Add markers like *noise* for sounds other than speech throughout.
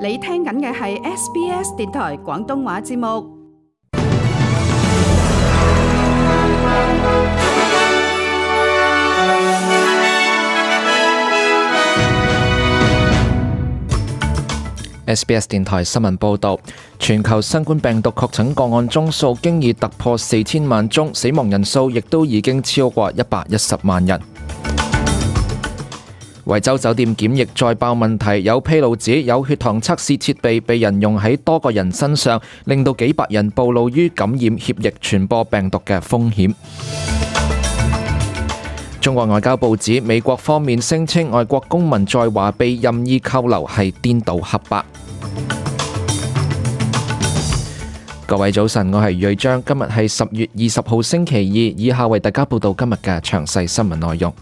你聽緊嘅係 SBS 電台廣東話節目。 *music* SBS 電台新聞報道，全球新冠病毒確診個案宗數經已突破四千萬宗，死亡人數亦都已經超過一百一十萬人。維州酒店檢疫再爆問題，有披露指有血糖測試設備被人用喺多個人身上，令到幾百人暴露於感染協疫傳播病毒嘅風險。 *music* 中國外交部指美國方面聲稱外國公民在華被任意扣留係顛倒黑白。 *music* 各位早晨，我係瑞章，今日係十月二十號星期二，以下為大家報道今日嘅詳細新聞內容。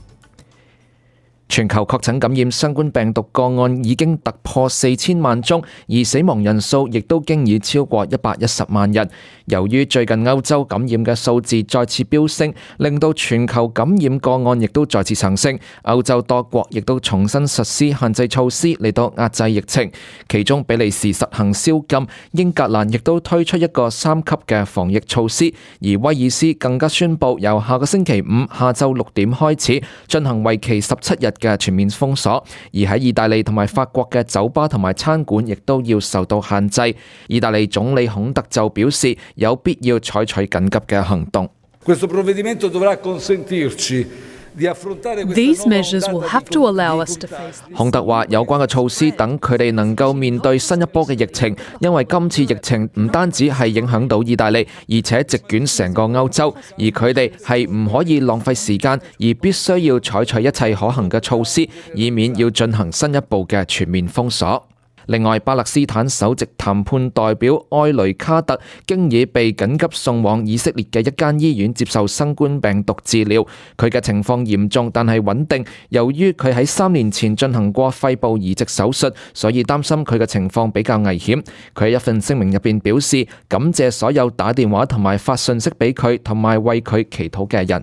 全球確診感染新冠病毒個案已經突破四千萬宗，而死亡人數亦都經已超過一百一十萬人。由於最近歐洲感染嘅數字再次飆升，令到全球感染個案亦都再次上升。歐洲多國亦都重新實施限制措施嚟到壓制疫情，其中比利時實行宵禁，英格蘭亦都推出一個三級嘅防疫措施，而威爾斯更加宣布由下個星期五下晝六點開始進行，為期十七日嘅全面封鎖，而喺意大利同埋法國嘅酒吧同埋餐館亦都要受到限制。意大利總理孔特就表示有必要採取緊急嘅行動。 *noise* These measures will have to allow us to face。洪特話：有關嘅措施等佢哋能夠面對新一波嘅疫情，因為今次疫情唔單止係影響到意大利，而且席捲成個歐洲，而佢哋係唔可以浪費時間，而必須要採取一切可行嘅措施，以免要進行新一步嘅全面封鎖。另外，巴勒斯坦首席談判代表埃雷卡特經已被緊急送往以色列嘅一間醫院接受新冠病毒治療，佢嘅情況嚴重但係穩定。由於佢喺三年前進行過肺部移植手術，所以擔心佢嘅情況比較危險。佢喺一份聲明入邊表示，感謝所有打電話同埋發信息俾佢同埋為佢祈禱嘅人。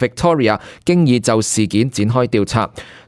Victoria 經已就事件展開調查。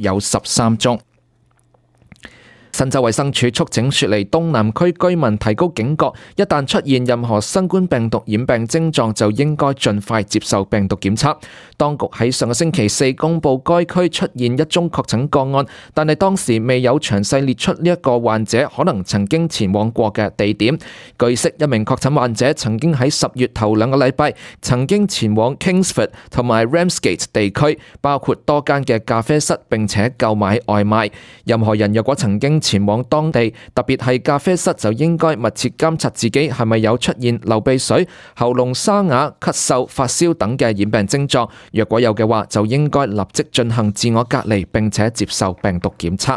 有十三宗。新州衛生署促請雪梨東南區居民提高警覺，一旦出現任何新冠病毒染病症狀，就應該盡快接受病毒檢測。當局喺上個星期四公布該區出現一宗確診個案，但係當時未有詳細列出呢一個患者可能曾經前往過嘅地點。據悉，一名確診患者曾經喺十月頭兩個禮拜曾經前往 Kingsford 同埋 Ramsgate 地區，包括多間嘅咖啡室，並且購買外賣。任何人若果曾經前往當地，特別係咖啡室，就應該密切監察自己係咪有出現流鼻水、喉嚨沙啞、咳嗽、發燒等嘅染病症狀。若果有嘅話，就應該立即進行自我隔離，並且接受病毒檢測。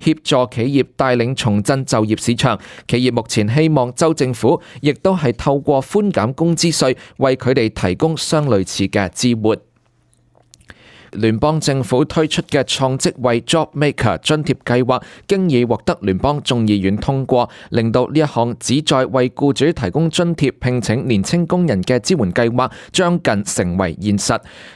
協助企業帶領重振就業市場，企業目前希望州政府亦都係透過寬減工資稅為佢哋提供相類似嘅支援。聯邦政府推出嘅創職位 Job Maker 津貼計劃，經已獲得聯邦眾議院通過，令到呢一項旨在為僱主提供津貼聘請年輕工人嘅支援計劃將近成為現實。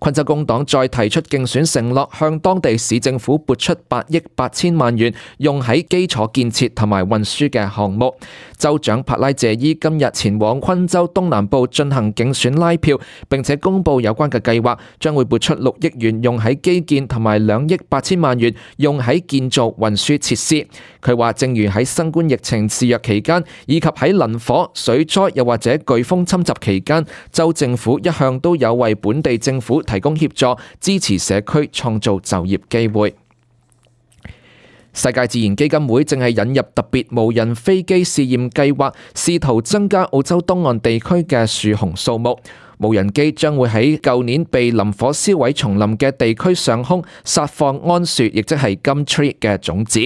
昆州工黨再提出競選承諾，向當地市政府撥出八億八千萬元用喺基礎建設同埋運輸嘅項目。州長帕拉謝伊今日前往昆州東南部進行競選拉票，並且公佈有關嘅計劃，將會撥出六億元用喺基建同埋兩億八千萬元用喺建造運輸設施。佢話：正如喺新冠疫情肆虐期間，以及喺林火、水災又或者颶風侵襲期間，州政府一向都有為本地政府提供協助，支持社區，創造就業機會。世界自然基金會正係引入特別無人飛機試驗計劃，試圖增加澳洲東岸地區嘅樹熊數目。無人機將會喺舊年被林火燒毀叢林嘅地區上空撒放桉樹，亦即係 gum tree 嘅種子。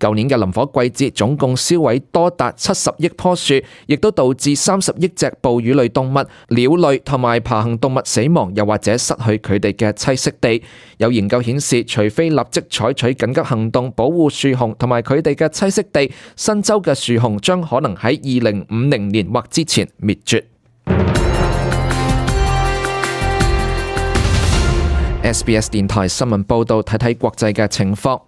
舊年嘅林火季節，總共燒毀多達七十億棵樹，亦都導致三十億隻哺乳類動物、鳥類同埋爬行動物死亡，又或者失去佢哋嘅棲息地。有研究顯示，除非立即採取緊急行動保護樹熊同埋佢哋嘅棲息地，新州嘅樹熊將可能喺二零五零年或之前滅絕。SBS 電台新聞報導，睇睇國際嘅情況。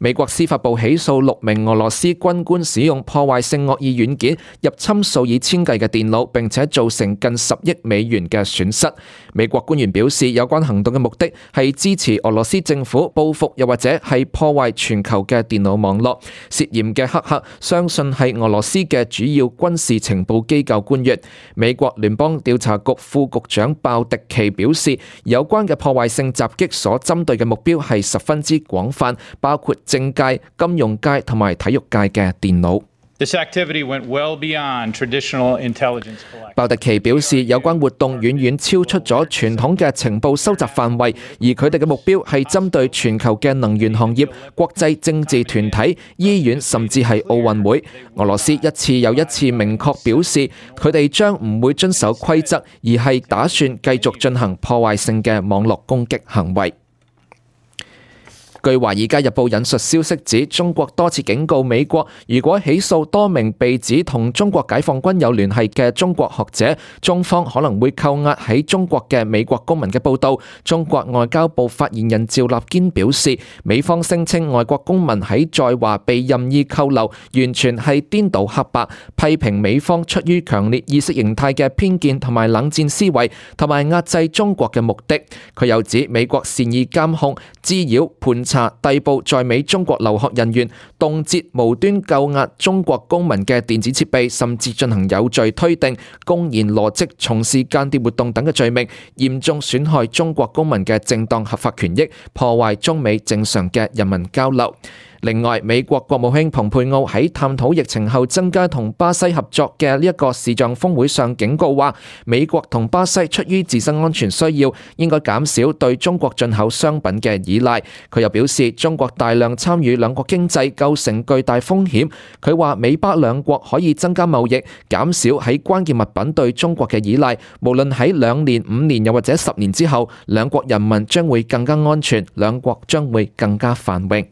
美國司法部起訴六名俄羅斯軍官使用破壞性惡意軟件入侵數以千計嘅電腦，並且造成近十億美元嘅損失。美國官員表示，有關行動嘅目的係支持俄羅斯政府報復，又或者係破壞全球嘅電腦網絡。涉嫌嘅黑客相信係俄羅斯嘅主要軍事情報機構官員。美國聯邦調查局副局長鮑迪奇表示，有關嘅破壞性襲擊所針對嘅目標係十分之廣泛，包括。政界、金融界同埋體育界嘅電腦。鮑迪奇表示，有關活動遠遠超出咗傳統嘅情報收集範圍，而佢哋嘅目標係針對全球嘅能源行業、國際政治團體、醫院，甚至係奧運會。俄羅斯一次又一次明確表示，佢哋將唔會遵守規則，而係打算繼續進行破壞性嘅網絡攻擊行為。據華爾街日報引述消息指，中國多次警告美國，如果起訴多名被指同中國解放軍有聯繫嘅中國學者，中方可能會扣押喺中國嘅美國公民嘅報道。中國外交部發言人趙立堅表示，美方聲稱外國公民喺在華被任意扣留，完全係顛倒黑白，批評美方出於強烈意識形態嘅偏見同埋冷戰思維，同埋壓制中國嘅目的。佢又指美國善意監控、滋擾、判。查逮捕在美中國留學人員，凍結無端扣押中國公民嘅電子設備，甚至進行有罪推定、公然羅織從事間諜活動等嘅罪名，嚴重損害中國公民嘅正當合法權益，破壞中美正常嘅人民交流。另外，美國國務卿蓬佩奧喺探討疫情後增加同巴西合作嘅呢一個視像峰會上警告話：美國同巴西出於自身安全需要，應該減少對中國進口商品嘅依賴。佢又表示，中國大量參與兩國經濟構成巨大風險。佢話美巴兩國可以增加貿易，減少喺關鍵物品對中國嘅依賴。無論喺兩年、五年又或者十年之後，兩國人民將會更加安全，兩國將會更加繁榮。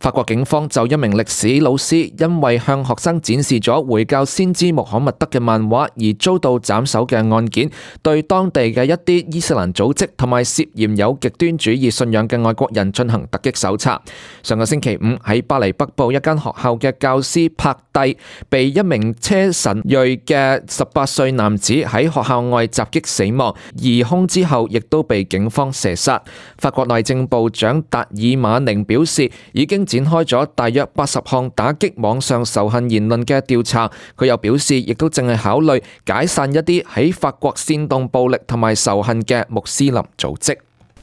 法國警方，就一名歷史老師因為向學生展示咗回教先知穆罕默德嘅漫畫而遭到斬首嘅案件，對當地嘅一啲伊斯蘭組織同埋涉嫌有極端主義信仰嘅外國人進行突擊搜查。上個星期五喺巴黎北部一間學校嘅教師帕蒂被一名車臣裔嘅十八歲男子喺學校外襲擊死亡，疑凶之後亦都被警方射殺。法國內政部長達爾馬寧表示已經展開咗大約八十項打擊網上仇恨言論嘅調查，佢又表示，亦都正在考慮解散一啲喺法國煽動暴力同埋仇恨嘅穆斯林組織。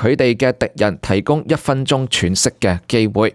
佢哋嘅敵人提供一分鐘喘息嘅機會。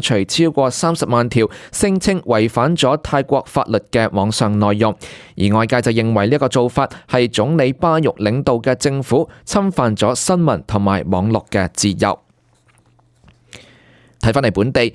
刪除超過三十萬條聲稱違反咗泰國法律嘅網上內容，而外界就認為呢個做法係總理巴育領導嘅政府侵犯咗新聞同埋網絡嘅自由。睇返嚟本地。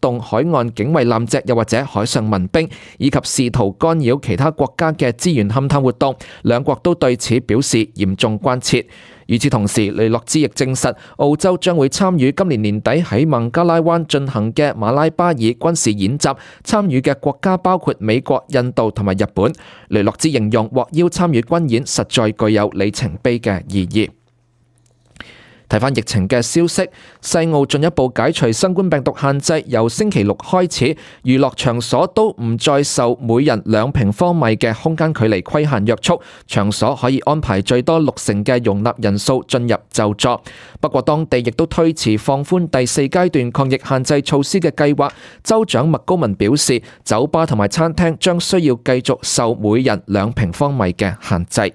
動海岸警衛艦隻，又或者海上民兵，以及試圖干擾其他國家嘅資源勘探活動，兩國都對此表示嚴重關切。與此同時，雷諾茲亦證實澳洲將會參與今年年底喺孟加拉灣進行嘅馬拉巴爾軍事演習，參與嘅國家包括美國、印度同埋日本。雷諾茲形容獲邀參與軍演實在具有里程碑嘅意義。睇翻疫情嘅消息，西澳進一步解除新冠病毒限制，由星期六開始，娛樂場所都唔再受每人兩平方米嘅空間距離規限約束，場所可以安排最多六成嘅容納人數進入就座。不過，當地亦都推遲放寬第四階段抗疫限制措施嘅計劃。州長麥高文表示，酒吧同埋餐廳將需要繼續受每人兩平方米嘅限制。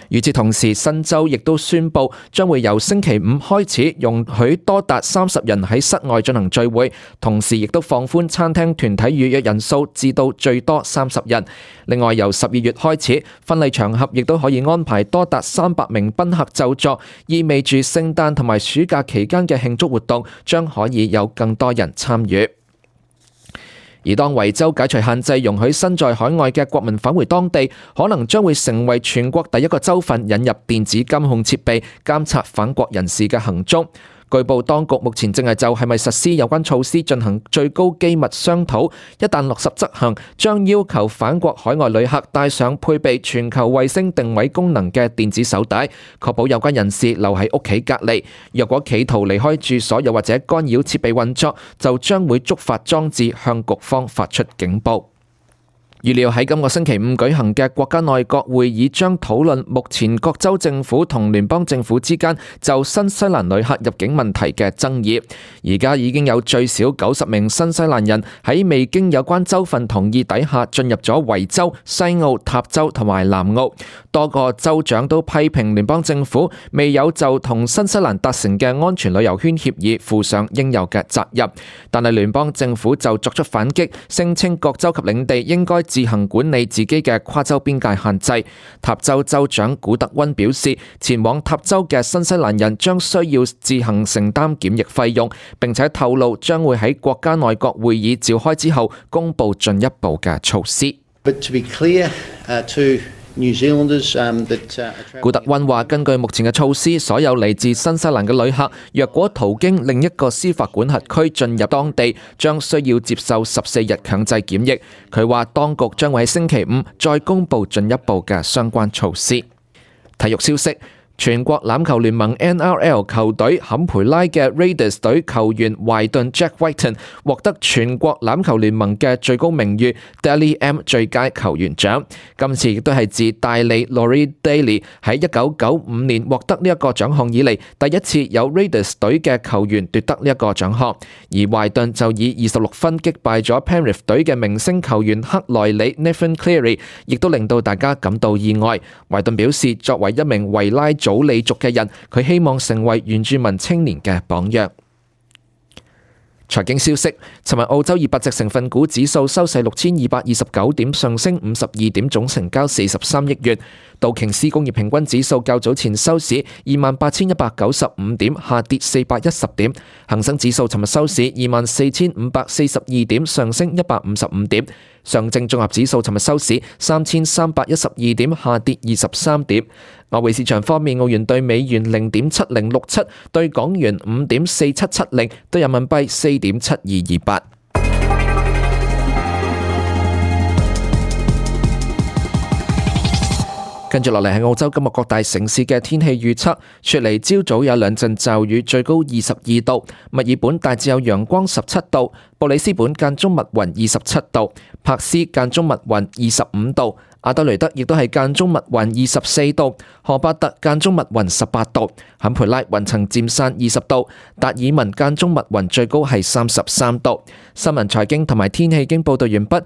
與此同時，新州亦都宣布將會由星期五開始容許多達三十人喺室外進行聚會，同時亦都放寬餐廳團體預約人數至到最多三十人。另外，由十二月開始，婚禮場合亦都可以安排多達三百名賓客就座，意味住聖誕同埋暑假期間嘅慶祝活動將可以有更多人參與。而當維州解除限制，容許身在海外嘅國民返回當地，可能將會成為全國第一個州份引入電子監控設備監察返國人士嘅行蹤。據報，當局目前正係就係咪實施有關措施進行最高機密商討。一旦落實執行，將要求返國海外旅客帶上配備全球衛星定位功能嘅電子手帶，確保有關人士留喺屋企隔離。若果企圖離開住所又或者干擾設備運作，就將會觸發裝置向局方發出警報。預料喺今個星期五舉行嘅國家內閣會議將討論目前各州政府同聯邦政府之間就新西蘭旅客入境問題嘅爭議。而家已經有最少九十名新西蘭人喺未經有關州份同意底下進入咗維州、西澳、塔州同埋南澳。多個州長都批評聯邦政府未有就同新西蘭達成嘅安全旅遊圈協議負上應有嘅責任。但係聯邦政府就作出反擊，聲稱各州及領地應該。自行管理自己嘅跨州邊界限制。塔州州長古德溫表示，前往塔州嘅新西蘭人將需要自行承擔檢疫費用。並且透露，將會喺國家內閣會議召開之後公布進一步嘅措施。古特溫話：根據目前嘅措施，所有嚟自新西蘭嘅旅客，若果途經另一個司法管轄區進入當地，將需要接受十四日強制檢疫。佢話，當局將會喺星期五再公布進一步嘅相關措施。體育消息。全國欖球聯盟 NRL 球隊坎培拉嘅 Raiders 隊球員懷頓 Jack Whiten 獲得全國欖球聯盟嘅最高名譽 Dally M 最佳球員獎。今次亦都係自大利 Laurie Daly 喺一九九五年獲得呢一個獎項以嚟第一次有 Raiders 隊嘅球員奪得呢一個獎項。而懷頓就以二十六分擊敗咗 Penrith 隊嘅明星球員克萊里 Nathan Cleary，亦都令到大家感到意外。懷頓表示，作為一名維拉總，保利族嘅人，佢希望成為原住民青年嘅榜樣。財經消息：尋日澳洲二百隻成分股指數收市六千二百二十九點，上升五十二點，總成交四十三億元。道瓊斯工業平均指數較早前收市二萬八千一百九十五點，下跌四百一十點。恒生指數尋日收市二萬四千五百四十二點，上升一百五十五點。上證綜合指數尋日收市三千三百一十二點，下跌二十三點。外匯市場方面，澳元對美元零點七零六七，對港元五點四七七零，對人民幣四點七二二八。跟住落嚟係澳洲今日各大城市嘅天氣預測，雪梨朝早有兩陣驟雨，最高二十二度；墨爾本大致有陽光，十七度；布里斯本間中密雲，二十七度；柏斯間中密雲，二十五度；阿德雷德亦都係間中密雲，二十四度；荷伯特間中密雲十八度；坎培拉雲層漸散，二十度；達爾文間中密雲，最高係三十三度。新聞財經同埋天氣經報道完畢。